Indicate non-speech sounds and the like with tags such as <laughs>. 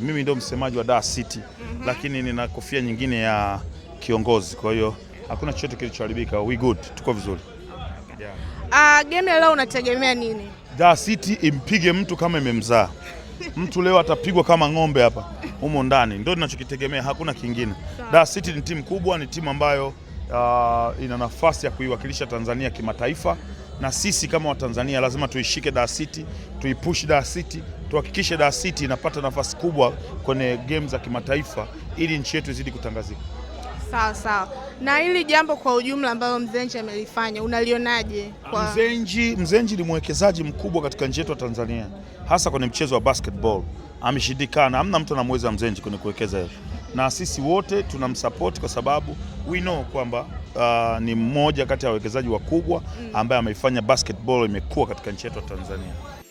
Mimi ndio msemaji wa Dar City mm -hmm. Lakini nina kofia nyingine ya kiongozi, kwa hiyo hakuna chochote kilichoharibika. We good, tuko vizuri yeah. Uh, ah, game leo unategemea nini? Dar City impige mtu kama imemzaa <laughs> mtu leo atapigwa kama ng'ombe hapa humo ndani, ndio ninachokitegemea, hakuna kingine. Dar City ni timu kubwa, ni timu ambayo uh, ina nafasi ya kuiwakilisha Tanzania kimataifa na sisi kama Watanzania lazima tuishike Dar City, tuipush Dar City, tuhakikishe Dar City inapata nafasi kubwa kwenye game za kimataifa ili nchi yetu izidi kutangazika. Sawa sawa. Na hili jambo kwa ujumla ambalo Mzenji amelifanya unalionaje? Kwa... Mzenji, Mzenji ni mwekezaji mkubwa katika nchi yetu ya Tanzania hasa kwenye mchezo wa basketball. Ameshindikana, hamna mtu anamweza Mzenji kwenye kuwekeza hivyo, na sisi wote tunamsupport kwa sababu we know kwamba uh, ni mmoja kati ya wawekezaji wakubwa mm. ambaye ameifanya basketball imekuwa katika nchi yetu ya Tanzania.